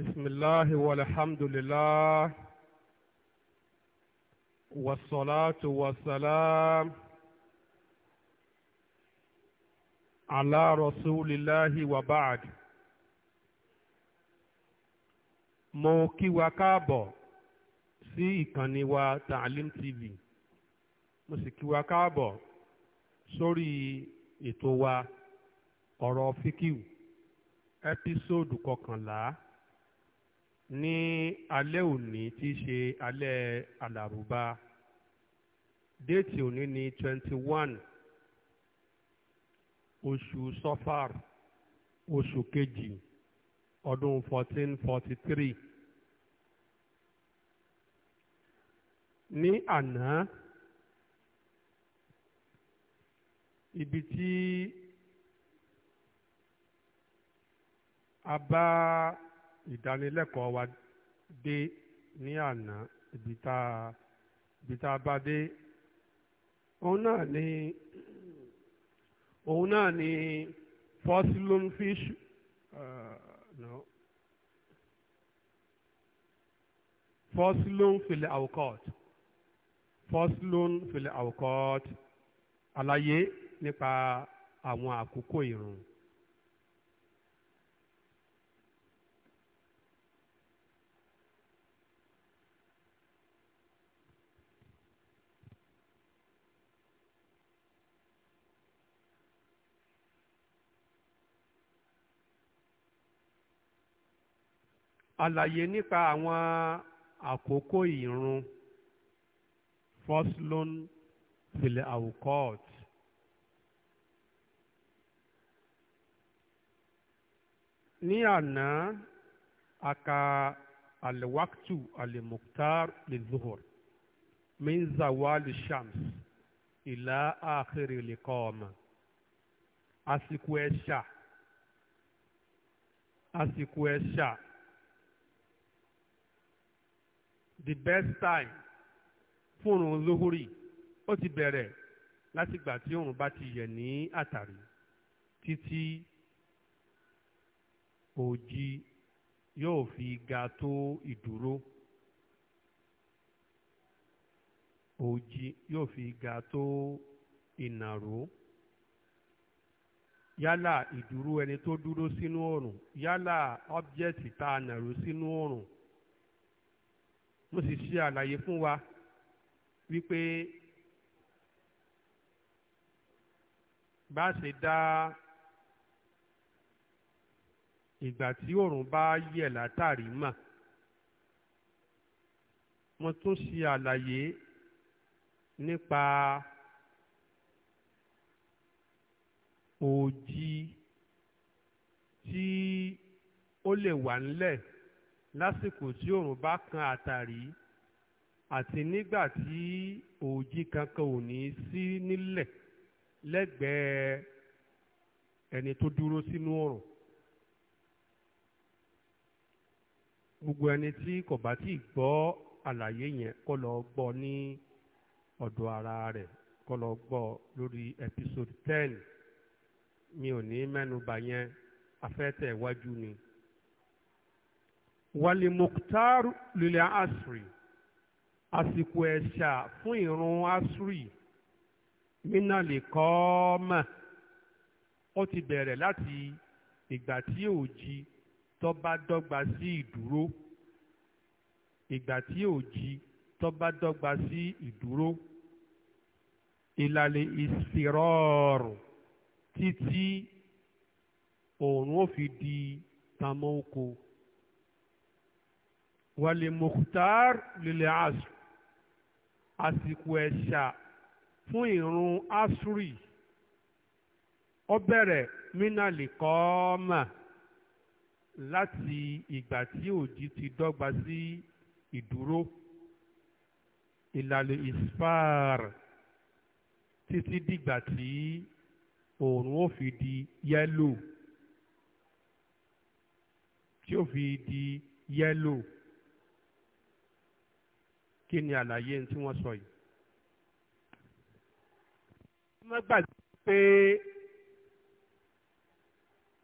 بسم الله والحمد لله والصلاة والسلام على رسول الله وبعد mo kí wa káàbọ̀ sí ìkànnì wa Taalim TV mo sì kí wa káàbọ̀ sórí ètò wa ọ̀rọ̀ fíkìw ẹ́písòdù kọkànlá ní alẹ́ òní tí í ṣe alẹ́ àlàrúbá déètì òní ni twenty one oṣù sọfàr oṣù kejì ọdún fourteen forty three ní àná ibi tí a bá ìdánilẹ́kọ̀ọ́ wa dé ní àná ibi tá a bá dé òun náà ni òun náà ni fossilum fish uh, no fossilum fili awukọt fossilum fili awukọt àlàyé nípa àwọn àkókò ìrùn. àlàyé nípa àwọn àkókò ìrun foslon filẹ̀ àwòkọ́ọ̀t ní àná aka alwaktu alimuktar lizuhur min zawali shams ìlà àkèrè liqama àsìkò ẹ̀ṣà àsìkò ẹ̀ṣà the best time fún òrùn lóhùrì ó ti bẹ̀rẹ̀ látìgbà tí òrùn bá ti yẹ̀ ní àtàrí títí òjì yóò fi ga tó ìdúró òjì yóò fi ga tó ìnàró yálà ìdúró ẹni tó dúró sínú oòrùn yálà ọ́bjẹ́tì tá a nàró sínú oòrùn mo sì ṣe àlàyé fún wa wípé bá ṣe dá ìgbà tí òòrùn bá yẹ̀ látàrí mà mo tún ṣe àlàyé nípa òòjì tí ó lè wà ńlẹ̀ lásìkò tí òòrùn bá kan àtàrí àti nígbà tí òòjì kankan ò ní sí nílẹ̀ lẹ́gbẹ̀ẹ́ ẹni tó dúró sínú òòrùn gbogbo ẹni tí kò bá tí ì gbọ́ àlàyé yẹn kó lọ gbọ́ ní ọ̀dọ̀ ara rẹ̀ kó lọ gbọ́ lórí episode ten mi ò ní mẹ́nu yẹn afẹ́tẹ̀ iwájú ni walimuktar lilẹ̀ asiri àsìkò ẹ̀ṣà fún ìrun Asri, mina lè kọ́ mà ó ti bẹ̀rẹ̀ láti ìgbà tí òjì tó bá dọ́gba sí ìdúró ìgbà tí òjì tó dọ́gba sí ìdúró ìlàlẹ̀ ìsirọ́ọ̀rù títí oòrùn ó fi di tamọ́ oko wàlẹ̀ mokhtar lílẹ̀ asr àsìkò ẹ̀ṣà fún ìrun asri ó bẹ̀rẹ̀ mínàlì kọ́ọ́mà láti ìgbà tí òjì ti dọ́gba sí ìdúró ìlàlẹ̀ isfar títí dìgbà tí oòrùn ó fi di yẹ́lò tí ó fi di yẹ́lò kí ni àlàyé tí wọ́n sọ yìí. ẹ má gbàgbé pé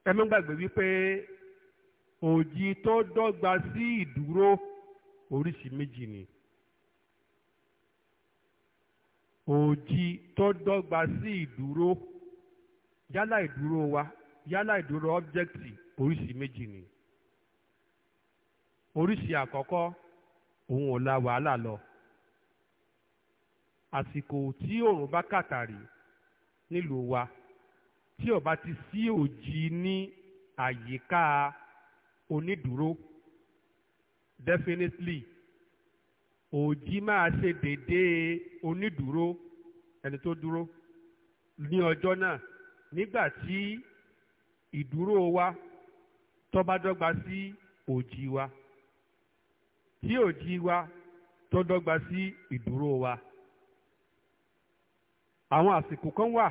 ẹ má gbàgbé wípé òjì tó dọ́gba sí ìdúró oríṣi méjì ni òjì tó dọ́gba sí ìdúró yálà ìdúró wa yálà ìdúró ọ́bjẹ́kìtì oríṣi méjì ni oríṣi àkọ́kọ́ òun ò la wàhálà lọ àsìkò tí òòrùn bá kàtàrí nílùú wa tí ó ti sí òjì ní àyíká onídùúró definitely òjì máa ṣe déédéé onídùúró ẹni tó dúró ní ọjọ́ náà nígbà tí ìdúró wa tó bá dọ́gba sí òjì wa. tí òdì wa tó dọ́gba sí ìdúró wa àwọn àsìkò kan wà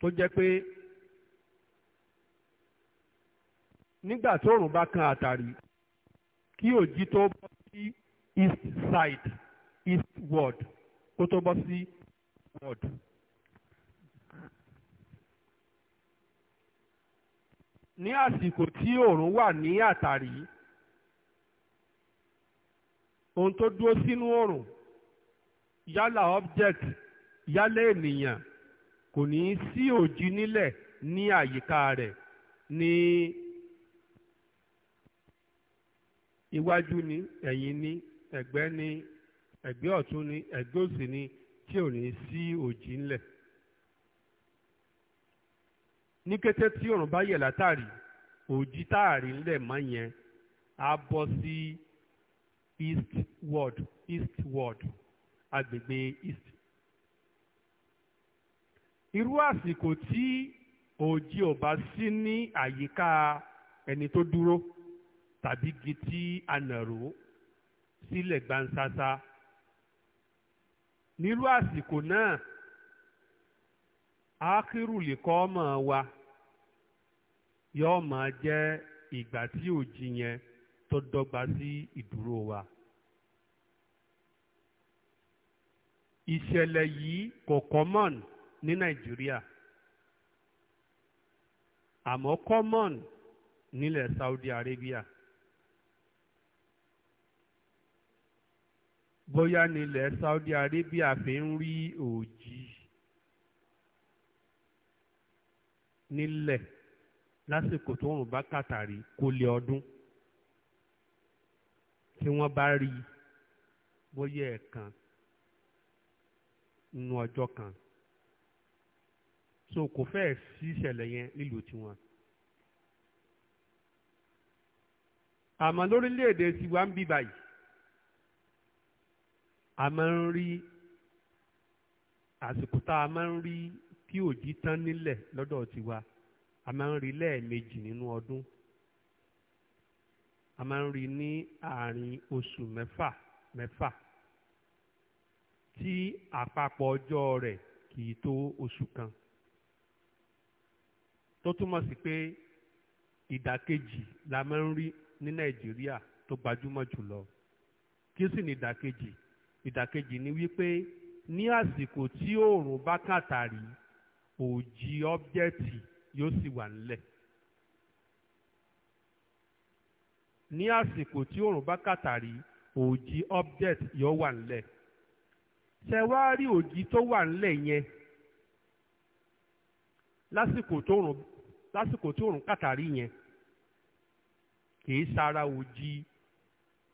tó jẹ́ pé nígbà tí òòrùn bá kan àtàrí kí òjì tó bọ́ sí east side eastward kó tó bọ́ sí ward. ní àsìkò tí òrùn wà ní àtàrí ohun tó dúró sínú oòrùn yálà object yálà ènìyàn kò ní í sí òjì nílẹ̀ ní àyíká rẹ̀ ní iwájú ní ẹ̀yìn ní ẹ̀gbẹ́ ní ẹ̀gbẹ́ ọ̀tún ní ẹ̀gbẹ́ òsì ní tí ò ní í sí òjì ńlẹ̀. ní kété tí òrùn bá yẹ̀ látàrí òjì táàrí ńlẹ̀ mọ́ yẹn á bọ́ sí east ward east ward agbègbè east. irú àsìkò tí òjì ò bá sí ní àyíká ẹni tó dúró tàbí igi tí a nàró sílẹ̀ gbansasa nírú àsìkò náà ákírù ọmọ wa yóò máa jẹ́ ìgbà tí òjì yẹn tó dọ́gba sí ìdúró wa. ìṣẹ̀lẹ̀ yìí kò common ní nàìjíríà àmọ́ common nílẹ̀ Saudi Arabia bóyá nílẹ̀ Saudi Arabia fi ń rí òòjì nílẹ̀ lásìkò tó ń bá kàtàrí kó lé ọdún tí wọ́n bá rí bóyá ẹ̀ẹ̀kan nínú ọjọ́ kan so kò fẹ́ẹ̀ sí ìṣẹ̀lẹ̀ yẹn nílùú tiwọn. àmọ́ lórílẹ̀‐èdè tiwa ń bí báyìí a máa ń rí àsìkò tá a máa ń rí kí òjì tán nílẹ̀ lọ́dọ̀ tiwa a máa ń rí lẹ́ẹ̀mejì nínú ọdún a máa ń rí ní àárín oṣù mẹ́fà mẹ́fà tí àpapọ̀ ọjọ́ rẹ̀ kì í tó oṣù kan tó túmọ̀ sí pé ìdàkejì la máa ń rí ní Nàìjíríà tó gbajúmọ̀ jùlọ kí sì ni ìdàkejì ìdàkejì ni wípé ní àsìkò tí oòrùn bá kàtàrí òòjì ọ́bjẹ́tì yóò sì wà nílẹ̀. ní àsìkò tí òòrùn bá kàtàrí òòjì update yóò wà ńlẹ̀ ṣe wá rí òòjì tó wà ńlẹ̀ yẹn lásìkò tó òòrùn lásìkò tí òòrùn kàtàrí yẹn kì í sara òòjì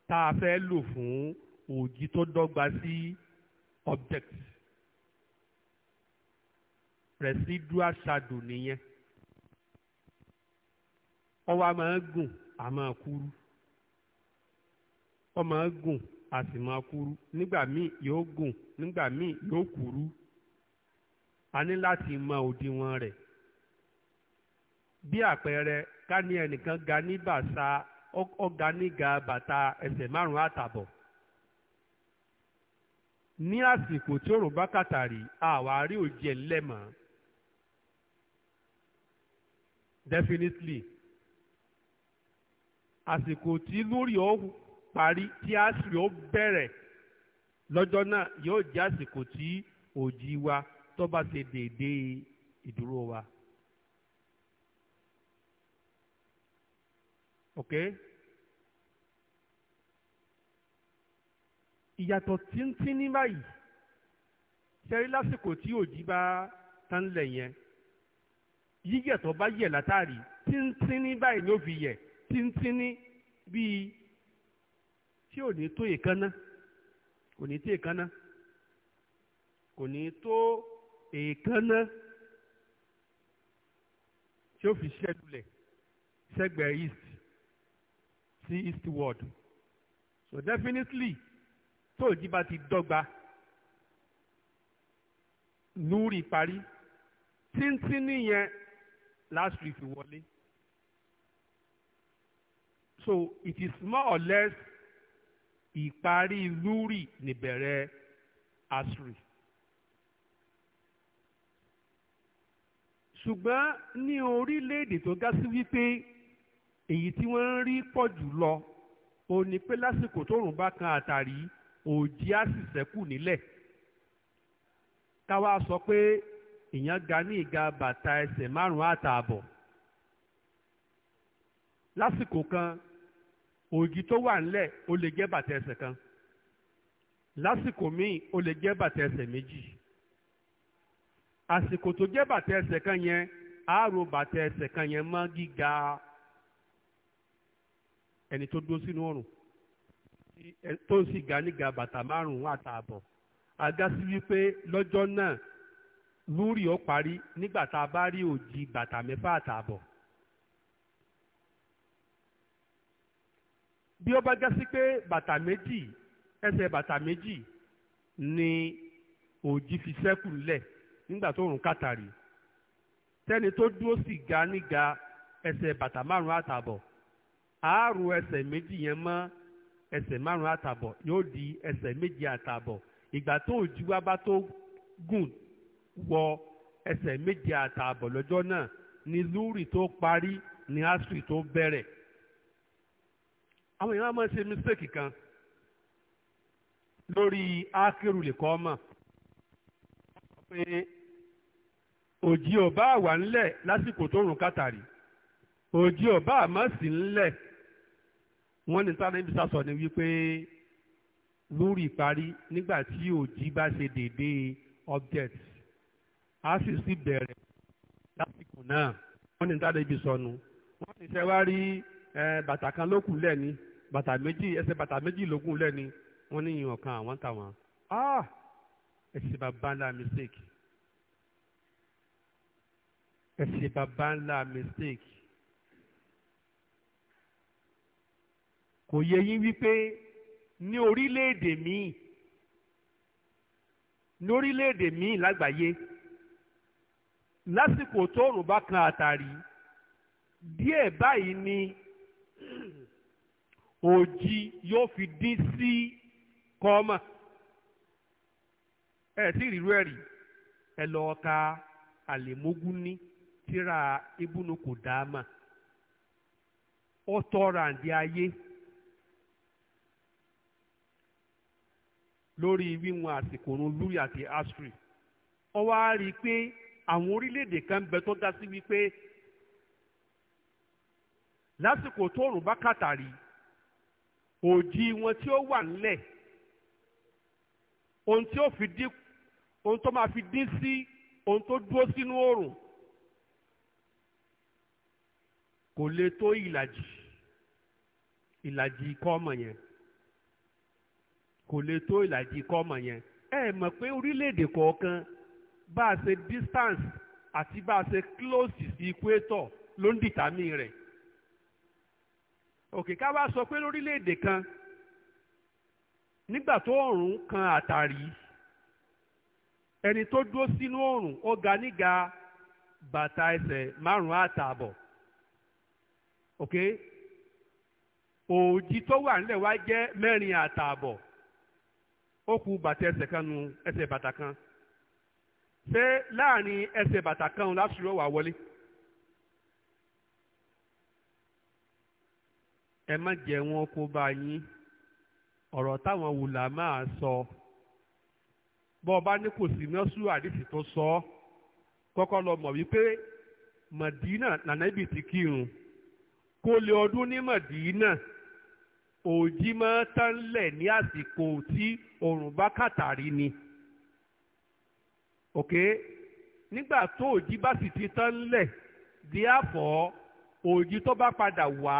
tá a fẹ́ lò fún òòjì tó dọ́gba sí object residual shadow nìyẹn ọwọ́ a máa ń gùn a máa kúrú. ó gùn a sì máa kúrú nígbà míì yóò gùn nígbà míì yóò kúrú a ní láti mọ òdiwọ̀n rẹ̀ bí àpẹẹrẹ ká ní ẹnìkan ga ní bàṣà ga níga bàtà ẹsẹ̀ márùn-ún ní àsìkò tí òrùn bá kàtàrí àwárí òjì ẹlẹ́mọ̀ definitely àsìkò tí lórí parí tí àsìrì ó bẹ̀rẹ̀ lọ́jọ́ náà yóò jẹ́ àsìkò tí òjì wa tó bá ṣe déédéé ìdúró wa. ok ìyàtọ̀ tíntín ní báyìí ṣẹ́rí lásìkò tí òjì bá tán lẹ̀ yẹn yíyẹ̀ tó bá yẹ̀ látàrí tíntín ní báyìí ló fi yẹ̀ tíntín ní bíi tí ò ní tó èékánná kò ní tó èékánná kò ní tó èékánná tí ó fi ṣiṣẹ́ lulẹ̀ sẹ́gbẹ̀ẹ́ east sí eastward so definitely tó òjì bá ti dọ́gba núrì parí tíntín nìyẹn last week wọlé so it is more or less ìparí lúrì níbẹ̀rẹ̀ asri. ṣùgbọ́n ní orílẹ̀-èdè tó ga sí wípé èyí tí wọ́n ń rí pọ̀ jù lọ ó ní pé lásìkò tóòrùn bá kan àtàrí òjì á sì ṣẹ́kù nílẹ̀ káwá sọ pé èèyàn ga ní ìga bàtà ẹsẹ̀ márùn-ún àtààbọ̀ lásìkò kan ògì tó wà ńlẹ̀ ó lè jẹ́ bàtà ẹsẹ̀ kan lásìkò míì ó lè jẹ́ bàtà ẹsẹ̀ méjì àsìkò tó jẹ́ bàtà ẹsẹ̀ kan yẹn àárò bàtà ẹsẹ̀ kan yẹn mọ́ gíga ẹni tó dó sínú ọ̀rùn tó ń sì ga níga bàtà márùn-ún àtààbọ̀ àga sí wípé lọ́jọ́ náà lúrì ó parí nígbà tá a bá rí òjì bàtà mẹ́fà àtààbọ̀. bí ó bá já sí pé bàtà méjì ẹsẹ̀ bàtà méjì ni òjì fi sẹ́kù ńlẹ̀ nígbà tó rùn kàtàrí tẹ́ni tó dúró sì ga níga ẹsẹ̀ bàtà márùn-ún àtàbọ̀ àárò ẹsẹ̀ méjì yẹn mọ́ ẹsẹ̀ márùn-ún àtàbọ̀ yóò di ẹsẹ̀ méjì àtàbọ̀ ìgbà tó òjì wá bá tó gùn wọ ẹsẹ̀ méjì àtàbọ̀ lọ́jọ́ náà ni lúrì tó parí ni asri tó bẹ̀rẹ̀ àwọn èèyàn máa ń ṣe mistake kan lórí ákérù lè kọ́ ọmọ pé òjì ọba àwà ńlẹ̀ lásìkò tó rùn kátàrí òjì ọba àmọ́ sí ńlẹ̀ wọ́n ní sáré ibi sásọ ni wípé lórí ìparí nígbà tí òjì bá ṣe déédéé object a sì sì bẹ̀rẹ̀ lásìkò náà wọ́n ní sáré ibi sọnù wọ́n ní sẹ́wárí bàtà kan lókùn lẹ́ni bàtà méjì ẹsẹ̀ bàtà méjì lógún lẹ́ni wọ́n ní ìyàn kan àwọn táwọn ah ẹsẹ̀ bàbá ńlá mistake ẹsẹ̀ bàbá ńlá mistake kò yẹ yín wípé ní orílẹ̀-èdè míì ní orílẹ̀-èdè míì lágbàáyé lásìkò tóòrùn bá kan àtàrí díẹ̀ báyìí ni òjì yóò fi dín sí kọ́mà ẹ tí ìrírú ẹ̀ rí ẹ lọ ka àlèmógúnní tíra ibùnú kò dáama ó tọ́ra àǹdí ayé lórí wíwọn àsìkò òun lúrí àti asri ó wá rí i pé àwọn orílẹ̀-èdè kan ń bẹ tó dá sí wípé lásìkò bá kàtàrí òdì wọn tí ó wà nílẹ̀ ohun tí ó fi dín ohun tó máa fi dín sí ohun tó dúró sínú oòrùn kò lè tó ìlàjì ìlàjì ikọ́ ọmọ yẹn kò lè tó ìlàjì ikọ́ ọmọ yẹn ẹ mọ̀ pé orílẹ̀-èdè kọ̀ọ̀kan bá a ṣe distance àti bá a ṣe close sí equator ló ń dìtàmì rẹ̀ òkè ká wá sọ pé lórílẹ̀‐èdè kan nígbà tó òòrùn kan àtàrí ẹni tó dúró sínú òòrùn ó ga níga bàtà ẹsẹ̀ márùn-ún àtààbọ̀ òkè òòjì tó wà nílẹ̀ wá jẹ́ mẹ́rin àtààbọ̀ ó kù bàtà ẹsẹ̀ kan nu ẹsẹ̀ bàtà kan ṣé láàrin ẹsẹ̀ bàtà kan láṣìírí wà wọlé. ẹ má jẹ́ wọn kó bá yín ọ̀rọ̀ táwọn wùlà máa sọ bọ́ ọba ní kò sí nọ́sù àdìsí tó sọ ọ́ kọ́kọ́ lọ mọ̀ wípé mọ̀dínà nànẹ́bì ti kírun kó lè ọdún ní mọ̀dínà òjì máa tán lẹ̀ ní àsìkò tí oòrùn bá kàtàrí ni òkè nígbà tó òjì bá sì ti tán lẹ̀ díàfọ́ òjì tó bá padà wá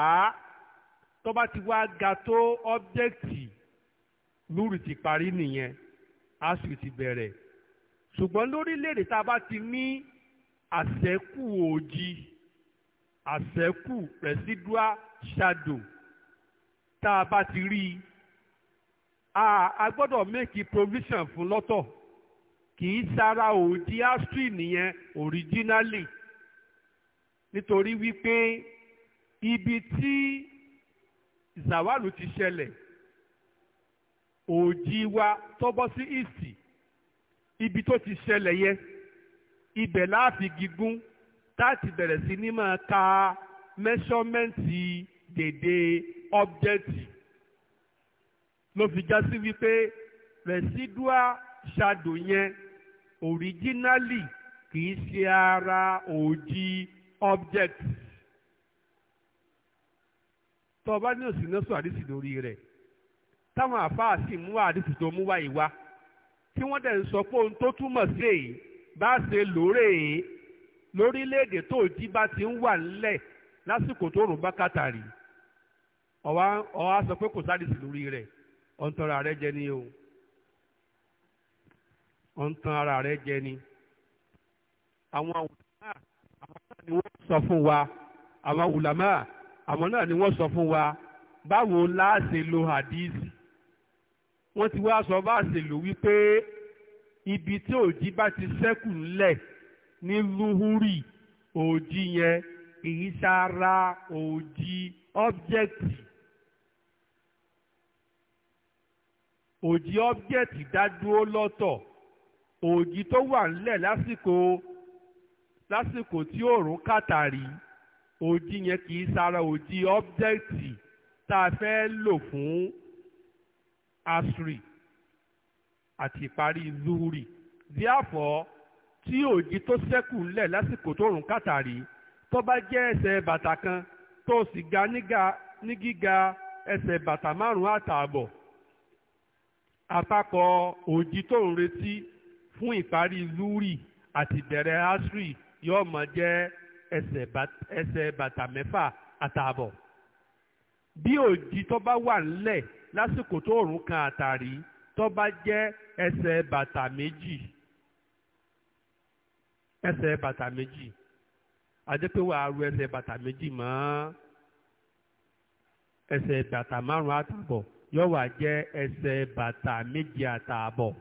tó bá ti wá ga tó ọ́bjẹ́kìtì lúrù ti parí nìyẹn asùn ti bẹ̀rẹ̀ ṣùgbọ́n lórílẹ̀‐èdè tá a bá ti ní àṣẹ́kù òjì àṣẹ́kù residual shadow tá a bá ti rí i a gbọ́dọ̀ make provision fún lọ́tọ̀ kì í sara òjì asùn nìyẹn originally nítorí wípé ibi tí zawalu ti ṣẹlẹ̀ òjì wa tọ́bọ́ sí ìsì ibi tó ti ṣẹlẹ̀ yẹn ibẹ̀ láàfi gígùn táàtì bẹ̀rẹ̀ sí ní máa ka mẹ́ṣọ́mẹ́ǹtì dèdè ọ́bjẹ́tì ló fi já sí wípé residual shadow yẹn originally kì í ṣe ara òjì ọ́bjẹ́tì. tó ọba ní òsì náà sọ àdìsí lórí rẹ̀ táwọn àfáà sì mú àdìsí tó mú wáyé wá tí wọ́n dẹ̀ ń sọ pé ohun tó túmọ̀ sí èyí bá ṣe lóore èyí lórílẹ̀‐èdè tó jí bá ti ń wà ńlẹ̀ lásìkò tó rùn bá kàtàrí ọ̀wá sọ pé kò sádìsí lórí rẹ̀ ọ̀ǹtàn ara rẹ̀ jẹ ni o ọ̀ǹtàn ara rẹ̀ jẹ ni àwọn àwùlámà àwọn ni wọ́n sọ fún wa àwọn àwùlámà àwọn náà ni wọ́n sọ fún wa báwo láàṣẹ lo hadíìsì wọ́n ti wá sọ báàṣẹ lò wípé ibi tí òjì bá ti ṣẹ́kù ńlẹ̀ ní lúhúrì òjì yẹn kì í sára òjì ọ́bjẹ́kìtì òjì ọ́bjẹ́kìtì dádúró lọ́tọ̀ òjì tó wà ńlẹ̀ lásìkò lásìkò tí òòrùn kàtàrí òdì yẹn kì í sára òdì ọ́bjẹ́kìtì tá a fẹ́ lò fún asri àti ìparí zuhuri díàfọ́ tí òdì tó ṣẹ́kù ńlẹ̀ lásìkò tó rùn kàtàrí tó bá jẹ́ ẹsẹ̀ bàtà kan tó sì ga ní gíga ẹsẹ̀ bàtà márùn-ún àtààbọ̀ àpapọ̀ òdì tó ń retí fún ìparí zuhuri àti ìbẹ̀rẹ̀ asri yóò máa jẹ́ ẹsẹ̀ bàtà mẹ́fà àtààbọ̀ bí òjì tó bá wà ńlẹ̀ lásìkò tó òrùn kan àtàrí tó bá jẹ́ ẹsẹ̀ bàtà méjì ẹsẹ̀ bàtà méjì àdépé ru ẹsẹ̀ bàtà méjì mọ́ ẹsẹ̀ bàtà márùn àtààbọ̀ yóò wá jẹ́ ẹsẹ̀ bàtà méjì àtààbọ̀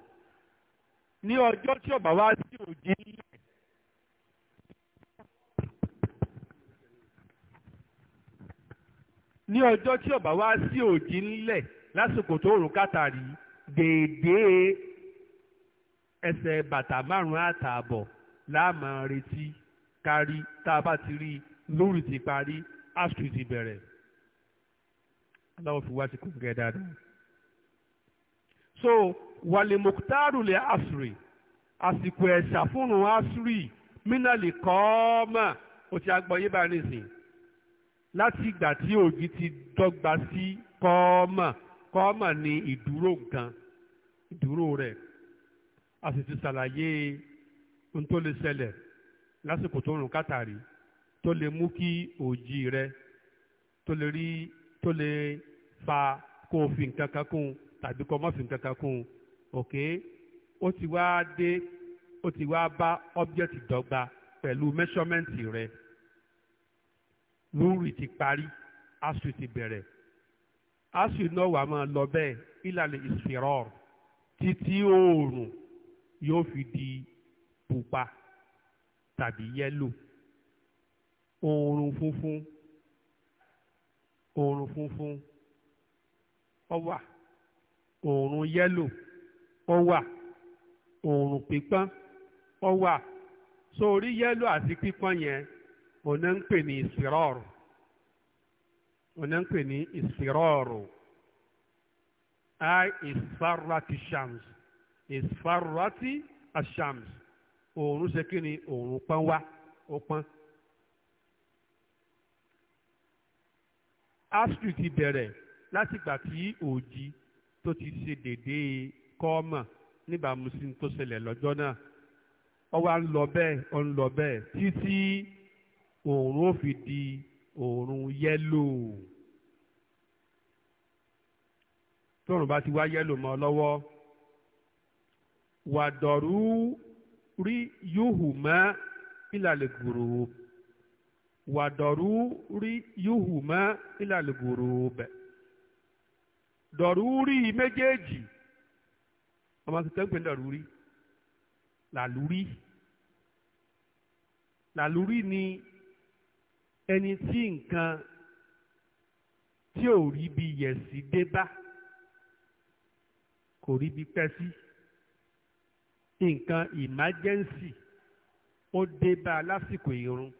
ní ọjọ́ tí ọba wá sí òjì ní ní ọjọ́ tí ọ̀bà wá sí òjì ńlẹ̀ lásìkò tó rùn kàtàrí déédéé ẹsẹ̀ bàtà márùn-ún àtààbọ̀ láàmà retí kárí tá a bá ti rí lórí ti parí astro ti bẹ̀rẹ̀ aláwọ̀ fi wá sí kòǹgẹ́ dáadáa. so wàlẹ̀ mọ̀kútàrù lè asùrì àsìkò ẹ̀ṣà fúnrun asùrì mínà lè kọ́ ọ́ mà ó ti àgbọ̀yé bá nísìnyí láti ìgbà tí òjì ti dọ́gba sí kọ́ọ́mà kọ́ọ́mà ní ìdúró nǹkan ìdúró rẹ̀ a sì ti ṣàlàyé ohun tó lè ṣẹlẹ̀ lásìkò tó rùn kátàrí tó lè mú kí òjì rẹ tó lè rí tó lè fa kó o fi nǹkan kan kún un tàbí kó o má fi nǹkan kan kún un òkè ó ti wá dé ó ti wá bá ọ́bjẹ́tì dọ́gba pẹ̀lú mẹ́ṣọ́mẹ́ǹtì rẹ lórí ti parí asùn ti bẹ̀rẹ̀ asùn náà wà máa lọ bẹ́ẹ̀ ìlànà ìsirọ́r títí oòrùn yóò fi di pupa tàbí yẹ́lò oòrùn funfun oòrùn funfun ó wà oòrùn yẹ́lò ó wà oòrùn pípọ́n ó sórí yẹ́lò àti pípọ́n yẹn ọ̀nà ń pè ní ìsirọ́ọ̀rù ọ̀nà ń pè ní ìsirọ́ọ̀rù ai ìsfarati shams ìsfarati ashams òòrùn ṣe kí ni òòrùn pọ́n wá ó pọ́n. asri ti bẹ̀rẹ̀ látìgbà tí òjì tó ti ṣe déédéé kọ́ọ̀mọ̀ níbàámu sí tó ṣẹlẹ̀ lọ́jọ́ náà ó wá ń lọ bẹ́ẹ̀ ó ń lọ bẹ́ẹ̀ títí. òòrùn ó fi di òòrùn yẹ́lò tóòrùn bá ti wá yẹ́lò mọ́ lọ́wọ́ wàdọ̀rú rí yóhù mọ́ ìlàlẹ̀ gòrò wàdọ̀rú rí yóhù mọ́ ìlàlẹ̀ gòrò bẹ̀ dọ̀rú rí méjèèjì ọmọ tuntun pé dọ̀rú rí rí, làlúrí rí ni ẹni tí nǹkan tí ò rí bí yẹ̀sí dé bá kò rí bí pẹ́ sí nǹkan emergency ó dé bá lásìkò ìrun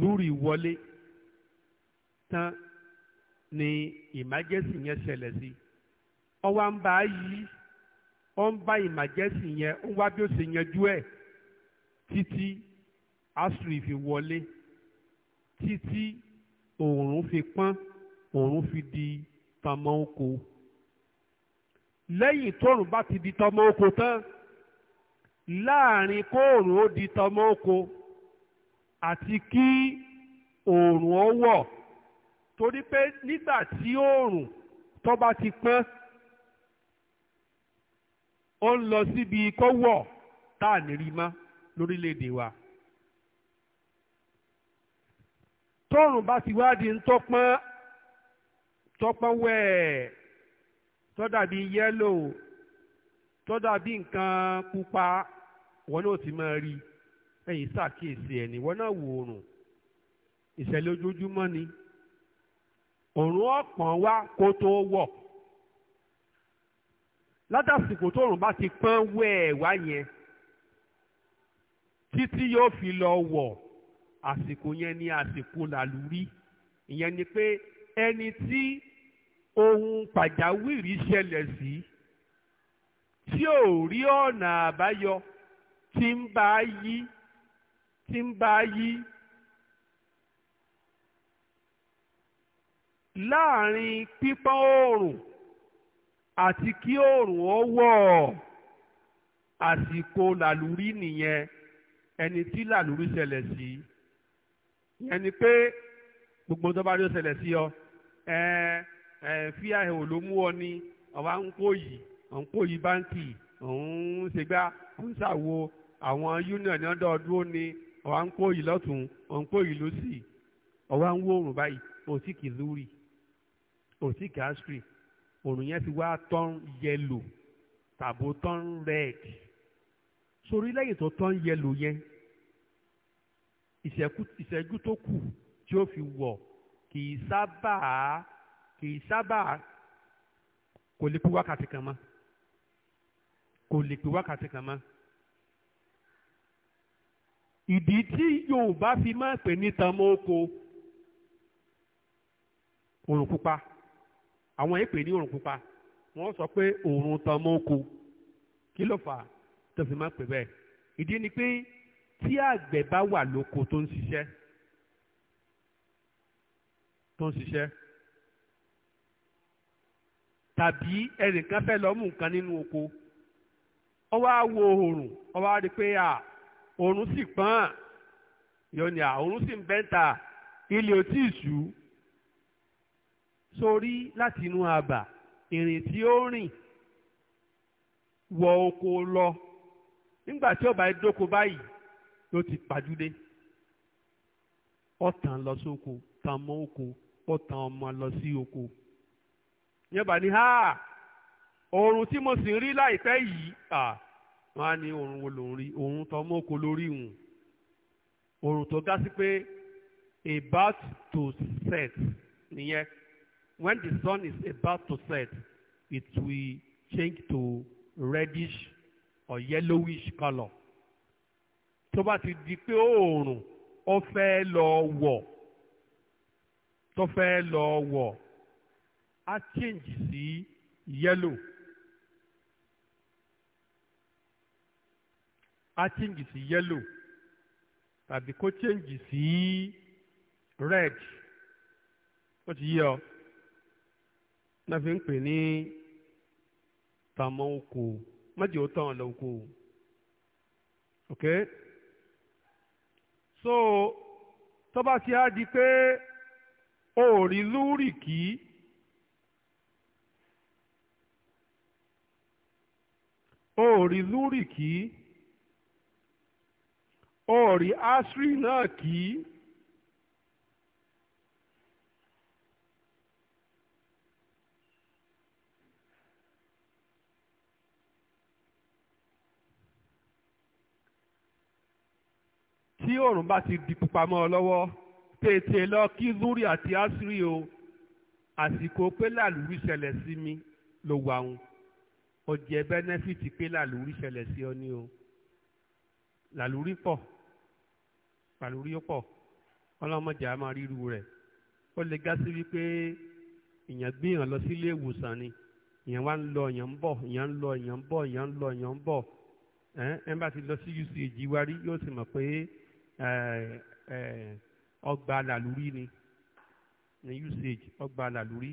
lórí wọlé tán ni emergency yẹn ṣẹlẹ̀ sí ó wá ń bá a yí ó ń bá emergency yẹn ń wá bí ó ṣe yanjú ẹ̀ títí asiri fi wọlé títí òòrùn fi pọ́n òòrùn fi di tọmọ oko lẹ́yìn tóòrùn bá ti di tọmọ oko tán láàrin kóòrùn ó di tọmọ oko àti kí òòrùn ó wọ̀ torí pé nígbà tí òòrùn tó bá ti pọ́n ó ń lọ síbi kó wọ̀ tá à ní rí mọ́ lórílẹ̀‐èdè wa. tọ́rùn bá ti wá di ńtọ́pọ́n tọ́pọ́n wẹ́ẹ̀ tó dàbí yẹ́lò tó dàbí nǹkan pupa wọn náà ti máa rí ẹ̀yìn ṣàkíyèsí ẹ̀ wọn náà wò oòrùn ìṣẹ̀lẹ̀ ojoojúmọ́ ni òòrùn ọ̀pọ̀n wá kó tó wọ̀ látàsìkò tóòrùn bá ti pọ́n wẹ́ẹ̀ wá yẹn títí yóò fi lọ wọ̀ àsìkò yẹn ni àsìkò làlúrí ìyẹn ni pé ẹni tí ohun pàjáwìrì ṣẹlẹ̀ sí tí ò rí ọ̀nà àbáyọ tí ń bá yí tí ń bá yí láàrin pípọ́n oòrùn àti kí oòrùn ó wọ̀ àsìkò làlúrí nìyẹn ẹni tí làlúrí ṣẹlẹ̀ sí. Si ìyẹn ni pé gbogbo tó bá rí ó ṣẹlẹ̀ sí ọ ẹ ẹ fíà ẹ̀ ò ló mú ọ ni ọ̀wá ń kó yìí ọ̀ ń kó yìí báńkì òun ń ṣègbà òun ṣàwo àwọn union ní ọ̀dọ̀ ọdún ó ní ọ̀wá ń kó yìí lọ́tún ọ̀ kó yìí lọ́sì ọ̀wá ń wó oòrùn báyìí òsì kì í lúrì oòrùn yẹn ti wá tán yẹlò tàbó tán rẹ́ẹ̀dì sórí lẹ́yìn tó tán yẹlò yẹn ìṣẹ́jú tó kù tí ó fi wọ̀ kì í sábà kì í sábà kò lè pé wákàtí kan mọ́ kò lè pé wákàtí kan mọ́ ìdí tí Yorùbá fi máa pè ní tamọ́ oko òrùn pupa àwọn èèpè ní òrùn pupa wọ́n sọ pé òrùn tamọ́ oko kí ló fà á tó fi máa pè bẹ́ẹ̀ ìdí ni pé tí àgbẹ̀ bá wà lóko tó ń ṣiṣẹ́ tó ń ṣiṣẹ́ tàbí ẹnìkan fẹ́ lọ mú nǹkan nínú oko ó wá wo oòrùn ó wá rí i pé à oòrùn sì pọ́n yóò ní à oòrùn sì ń bẹ́ńtà ilé ò tí ì ṣú sórí láti inú abà ìrìn tí ó rìn wọ oko lọ nígbà tí ó bá dóko báyìí ló ti pajúdé ọ̀tàn lọ sóko tàn mọ́ oko ọ̀tàn ọmọ lọ sí oko yẹn bá ní háà oorun tí mo sì ń rí láìpẹ́ yìí wọ́n á ní oorun wo lòún rí oorun tó mọ́ oko lórí ìhùn oorun tó ga sí pé about to set nìyẹn when the sun is about to set it will change to reddish or yellowish colour tó bá ti di pé oòrùn ó fẹ́ lọ wọ̀ tó fẹ́ lọ wọ̀ á change sí yellow á change sí yellow tàbí kó change sí red ó ti yé ọ náà fi ń pè ní tàmọ́ oko májèó tán lọ oko Okay so tó bá ti á di pé o ò rí lúrì kí o ò rí lúrì kí o ò rí asri náà kí. tí òòrùn bá ti di pupa mọ́ ọ lọ́wọ́ tètè lọ kí zuri àti asiri o àsìkò pé làlùrí ṣẹlẹ̀ sí mi ló wà ń ọjẹ́ bẹ́nẹ́fìtì pé làlùrí ṣẹlẹ̀ sí ọ ní o làlùrí pọ̀ làlùrí pọ̀ ọlọ́mọdé a máa ríru rẹ̀ ó lè gá sí wípé èèyàn gbìyàn lọ sílé ìwòsàn ni èèyàn wá ń lọ èèyàn ń bọ̀ èèyàn ń lọ èèyàn ń bọ̀ èèyàn ń lọ èèyàn ń bọ̀ ẹ̀ ẹ̀ bá ti lọ sí uch wárí yóò sì mọ̀ pé Eh, eh, ọgbà làlúrí ni ní usage ọgbà làlúrí